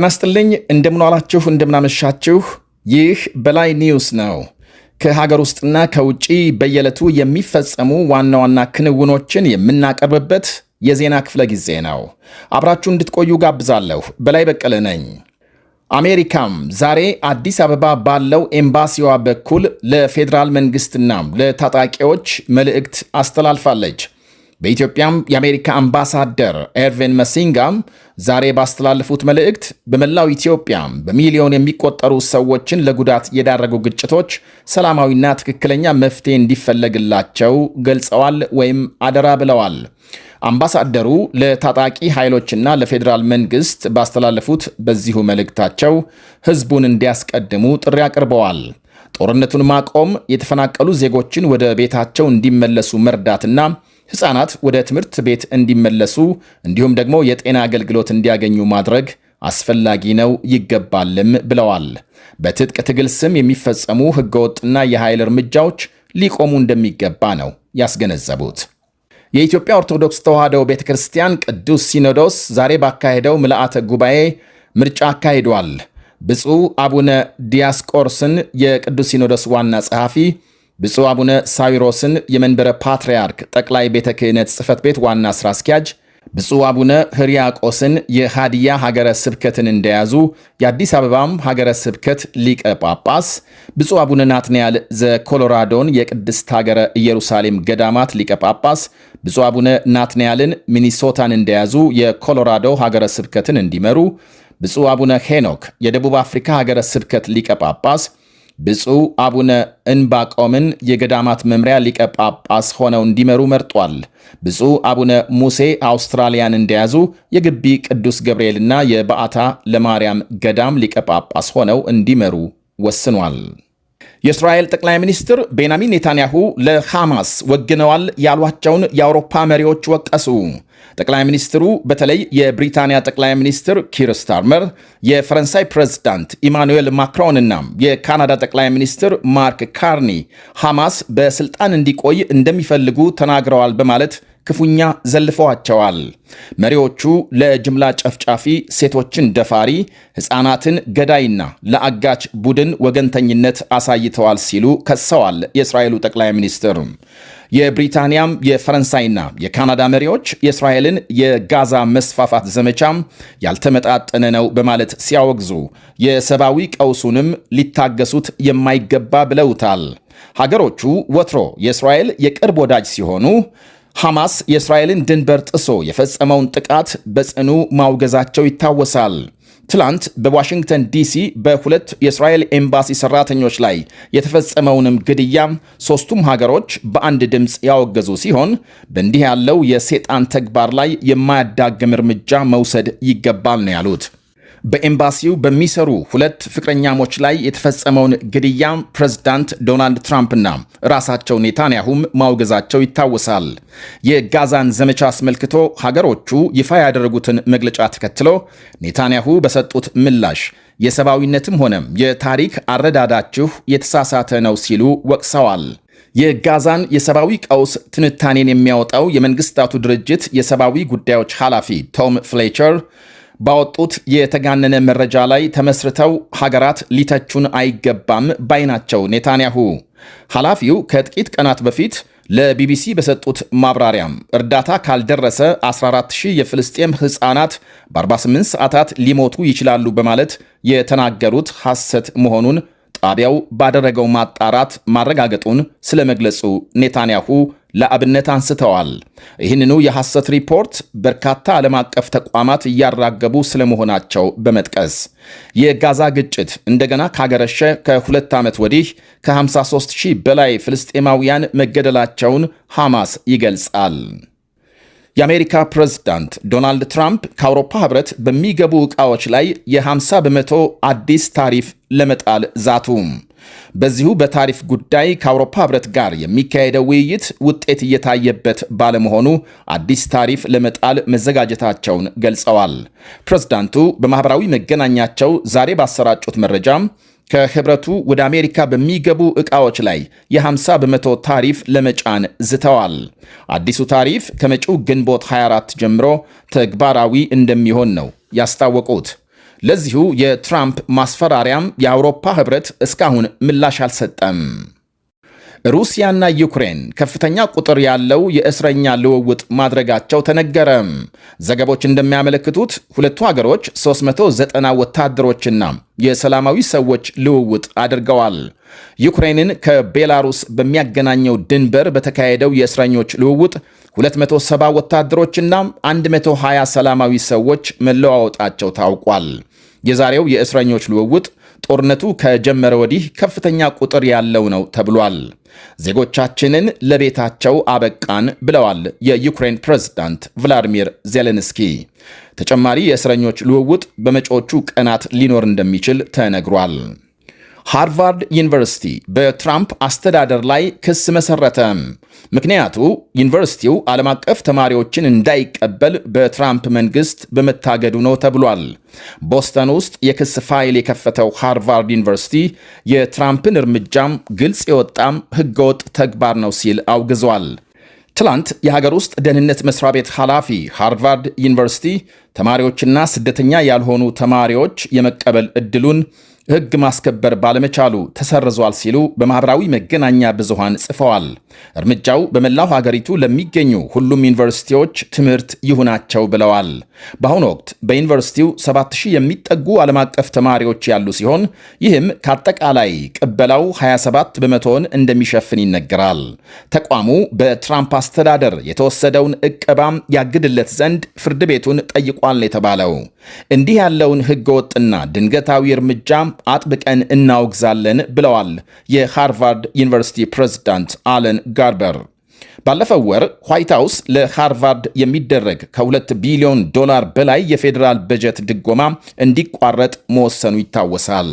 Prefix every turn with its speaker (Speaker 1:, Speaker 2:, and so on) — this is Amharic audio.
Speaker 1: ጤና ይስጥልኝ እንደምናመሻችሁ። ይህ በላይ ኒውስ ነው። ከሀገር ውስጥና ከውጪ በየዕለቱ የሚፈጸሙ ዋና ዋና ክንውኖችን የምናቀርብበት የዜና ክፍለ ጊዜ ነው። አብራችሁ እንድትቆዩ ጋብዛለሁ። በላይ በቀለ ነኝ። አሜሪካም ዛሬ አዲስ አበባ ባለው ኤምባሲዋ በኩል ለፌዴራል መንግስትና ለታጣቂዎች መልእክት አስተላልፋለች። በኢትዮጵያም የአሜሪካ አምባሳደር ኤርቪን መሲንጋም ዛሬ ባስተላለፉት መልእክት በመላው ኢትዮጵያ በሚሊዮን የሚቆጠሩ ሰዎችን ለጉዳት የዳረጉ ግጭቶች ሰላማዊና ትክክለኛ መፍትሄ እንዲፈለግላቸው ገልጸዋል ወይም አደራ ብለዋል። አምባሳደሩ ለታጣቂ ኃይሎችና ለፌዴራል መንግስት ባስተላለፉት በዚሁ መልእክታቸው ህዝቡን እንዲያስቀድሙ ጥሪ አቅርበዋል። ጦርነቱን ማቆም፣ የተፈናቀሉ ዜጎችን ወደ ቤታቸው እንዲመለሱ መርዳትና ህፃናት ወደ ትምህርት ቤት እንዲመለሱ እንዲሁም ደግሞ የጤና አገልግሎት እንዲያገኙ ማድረግ አስፈላጊ ነው ይገባልም ብለዋል። በትጥቅ ትግል ስም የሚፈጸሙ ህገወጥና የኃይል እርምጃዎች ሊቆሙ እንደሚገባ ነው ያስገነዘቡት። የኢትዮጵያ ኦርቶዶክስ ተዋሕዶ ቤተ ክርስቲያን ቅዱስ ሲኖዶስ ዛሬ ባካሄደው ምልአተ ጉባኤ ምርጫ አካሂዷል። ብፁዕ አቡነ ዲያስቆርስን የቅዱስ ሲኖዶስ ዋና ጸሐፊ ብፁዕ አቡነ ሳዊሮስን የመንበረ ፓትርያርክ ጠቅላይ ቤተ ክህነት ጽሕፈት ቤት ዋና ሥራ አስኪያጅ ብፁዕ አቡነ ህርያቆስን የሃዲያ ሀገረ ስብከትን እንደያዙ የአዲስ አበባም ሀገረ ስብከት ሊቀ ጳጳስ፣ ብፁዕ አቡነ ናትንያል ዘኮሎራዶን የቅድስት ሀገረ ኢየሩሳሌም ገዳማት ሊቀ ጳጳስ፣ ብፁዕ አቡነ ናትንያልን ሚኒሶታን እንደያዙ የኮሎራዶ ሀገረ ስብከትን እንዲመሩ፣ ብፁዕ አቡነ ሄኖክ የደቡብ አፍሪካ ሀገረ ስብከት ሊቀ ጳጳስ ብፁዕ አቡነ እንባቆምን የገዳማት መምሪያ ሊቀ ጳጳስ ሆነው እንዲመሩ መርጧል። ብፁዕ አቡነ ሙሴ አውስትራሊያን እንደያዙ የግቢ ቅዱስ ገብርኤልና የበዓታ ለማርያም ገዳም ሊቀ ጳጳስ ሆነው እንዲመሩ ወስኗል። የእስራኤል ጠቅላይ ሚኒስትር ቤንያሚን ኔታንያሁ ለሐማስ ወግነዋል ያሏቸውን የአውሮፓ መሪዎች ወቀሱ። ጠቅላይ ሚኒስትሩ በተለይ የብሪታንያ ጠቅላይ ሚኒስትር ኪር ስታርመር፣ የፈረንሳይ ፕሬዝዳንት ኢማኑኤል ማክሮን እና የካናዳ ጠቅላይ ሚኒስትር ማርክ ካርኒ ሐማስ በስልጣን እንዲቆይ እንደሚፈልጉ ተናግረዋል በማለት ክፉኛ ዘልፈዋቸዋል። መሪዎቹ ለጅምላ ጨፍጫፊ፣ ሴቶችን ደፋሪ፣ ሕፃናትን ገዳይና ለአጋች ቡድን ወገንተኝነት አሳይተዋል ሲሉ ከሰዋል የእስራኤሉ ጠቅላይ ሚኒስትር። የብሪታንያም የፈረንሳይና የካናዳ መሪዎች የእስራኤልን የጋዛ መስፋፋት ዘመቻም ያልተመጣጠነ ነው በማለት ሲያወግዙ የሰብአዊ ቀውሱንም ሊታገሱት የማይገባ ብለውታል። ሀገሮቹ ወትሮ የእስራኤል የቅርብ ወዳጅ ሲሆኑ ሐማስ የእስራኤልን ድንበር ጥሶ የፈጸመውን ጥቃት በጽኑ ማውገዛቸው ይታወሳል። ትላንት በዋሽንግተን ዲሲ በሁለት የእስራኤል ኤምባሲ ሰራተኞች ላይ የተፈጸመውንም ግድያ ሦስቱም ሀገሮች በአንድ ድምፅ ያወገዙ ሲሆን በእንዲህ ያለው የሴጣን ተግባር ላይ የማያዳግም እርምጃ መውሰድ ይገባል ነው ያሉት። በኤምባሲው በሚሰሩ ሁለት ፍቅረኛሞች ላይ የተፈጸመውን ግድያ ፕሬዝዳንት ዶናልድ ትራምፕና ራሳቸው ኔታንያሁም ማውገዛቸው ይታወሳል። የጋዛን ዘመቻ አስመልክቶ ሀገሮቹ ይፋ ያደረጉትን መግለጫ ተከትሎ ኔታንያሁ በሰጡት ምላሽ የሰብአዊነትም ሆነም የታሪክ አረዳዳችሁ የተሳሳተ ነው ሲሉ ወቅሰዋል። የጋዛን የሰብአዊ ቀውስ ትንታኔን የሚያወጣው የመንግስታቱ ድርጅት የሰብአዊ ጉዳዮች ኃላፊ ቶም ፍሌቸር ባወጡት የተጋነነ መረጃ ላይ ተመስርተው ሀገራት ሊተቹን አይገባም ባይ ናቸው ኔታንያሁ። ኃላፊው ከጥቂት ቀናት በፊት ለቢቢሲ በሰጡት ማብራሪያም እርዳታ ካልደረሰ 14000 የፍልስጤም ሕፃናት በ48 ሰዓታት ሊሞቱ ይችላሉ በማለት የተናገሩት ሐሰት መሆኑን ጣቢያው ባደረገው ማጣራት ማረጋገጡን ስለመግለጹ ኔታንያሁ ለአብነት አንስተዋል። ይህንኑ የሐሰት ሪፖርት በርካታ ዓለም አቀፍ ተቋማት እያራገቡ ስለመሆናቸው በመጥቀስ የጋዛ ግጭት እንደገና ካገረሸ ከሁለት ዓመት ወዲህ ከ53 ሺህ በላይ ፍልስጤማውያን መገደላቸውን ሐማስ ይገልጻል። የአሜሪካ ፕሬዝዳንት ዶናልድ ትራምፕ ከአውሮፓ ኅብረት በሚገቡ ዕቃዎች ላይ የ50 በመቶ አዲስ ታሪፍ ለመጣል ዛቱ። በዚሁ በታሪፍ ጉዳይ ከአውሮፓ ህብረት ጋር የሚካሄደው ውይይት ውጤት እየታየበት ባለመሆኑ አዲስ ታሪፍ ለመጣል መዘጋጀታቸውን ገልጸዋል። ፕሬዝዳንቱ በማኅበራዊ መገናኛቸው ዛሬ ባሰራጩት መረጃም ከህብረቱ ወደ አሜሪካ በሚገቡ ዕቃዎች ላይ የ50 በመቶ ታሪፍ ለመጫን ዝተዋል። አዲሱ ታሪፍ ከመጪው ግንቦት 24 ጀምሮ ተግባራዊ እንደሚሆን ነው ያስታወቁት። ለዚሁ የትራምፕ ማስፈራሪያም የአውሮፓ ህብረት እስካሁን ምላሽ አልሰጠም። ሩሲያና ዩክሬን ከፍተኛ ቁጥር ያለው የእስረኛ ልውውጥ ማድረጋቸው ተነገረም። ዘገቦች እንደሚያመለክቱት ሁለቱ ሀገሮች 390 ወታደሮችና የሰላማዊ ሰዎች ልውውጥ አድርገዋል። ዩክሬንን ከቤላሩስ በሚያገናኘው ድንበር በተካሄደው የእስረኞች ልውውጥ 270 ወታደሮችና 120 ሰላማዊ ሰዎች መለዋወጣቸው ታውቋል። የዛሬው የእስረኞች ልውውጥ ጦርነቱ ከጀመረ ወዲህ ከፍተኛ ቁጥር ያለው ነው ተብሏል። ዜጎቻችንን ለቤታቸው አበቃን ብለዋል የዩክሬን ፕሬዝዳንት ቭላዲሚር ዜሌንስኪ። ተጨማሪ የእስረኞች ልውውጥ በመጪዎቹ ቀናት ሊኖር እንደሚችል ተነግሯል። ሃርቫርድ ዩኒቨርሲቲ በትራምፕ አስተዳደር ላይ ክስ መሰረተ። ምክንያቱ ዩኒቨርሲቲው ዓለም አቀፍ ተማሪዎችን እንዳይቀበል በትራምፕ መንግስት በመታገዱ ነው ተብሏል። ቦስተን ውስጥ የክስ ፋይል የከፈተው ሃርቫርድ ዩኒቨርሲቲ የትራምፕን እርምጃም ግልጽ የወጣም ህገወጥ ተግባር ነው ሲል አውግዟል። ትላንት የሀገር ውስጥ ደህንነት መስሪያ ቤት ኃላፊ ሃርቫርድ ዩኒቨርሲቲ ተማሪዎችና ስደተኛ ያልሆኑ ተማሪዎች የመቀበል እድሉን ህግ ማስከበር ባለመቻሉ ተሰርዟል ሲሉ በማኅበራዊ መገናኛ ብዙሃን ጽፈዋል። እርምጃው በመላው ሀገሪቱ ለሚገኙ ሁሉም ዩኒቨርሲቲዎች ትምህርት ይሁናቸው ብለዋል። በአሁኑ ወቅት በዩኒቨርሲቲው 7000 የሚጠጉ ዓለም አቀፍ ተማሪዎች ያሉ ሲሆን ይህም ከአጠቃላይ ቅበላው 27 በመቶውን እንደሚሸፍን ይነገራል። ተቋሙ በትራምፕ አስተዳደር የተወሰደውን እቀባም ያግድለት ዘንድ ፍርድ ቤቱን ጠይቋል የተባለው እንዲህ ያለውን ህገወጥና ድንገታዊ እርምጃ አጥብቀን እናወግዛለን ብለዋል የሃርቫርድ ዩኒቨርሲቲ ፕሬዝዳንት አለን ጋርበር። ባለፈው ወር ዋይት ሀውስ ለሃርቫርድ የሚደረግ ከሁለት ቢሊዮን ዶላር በላይ የፌዴራል በጀት ድጎማ እንዲቋረጥ መወሰኑ ይታወሳል።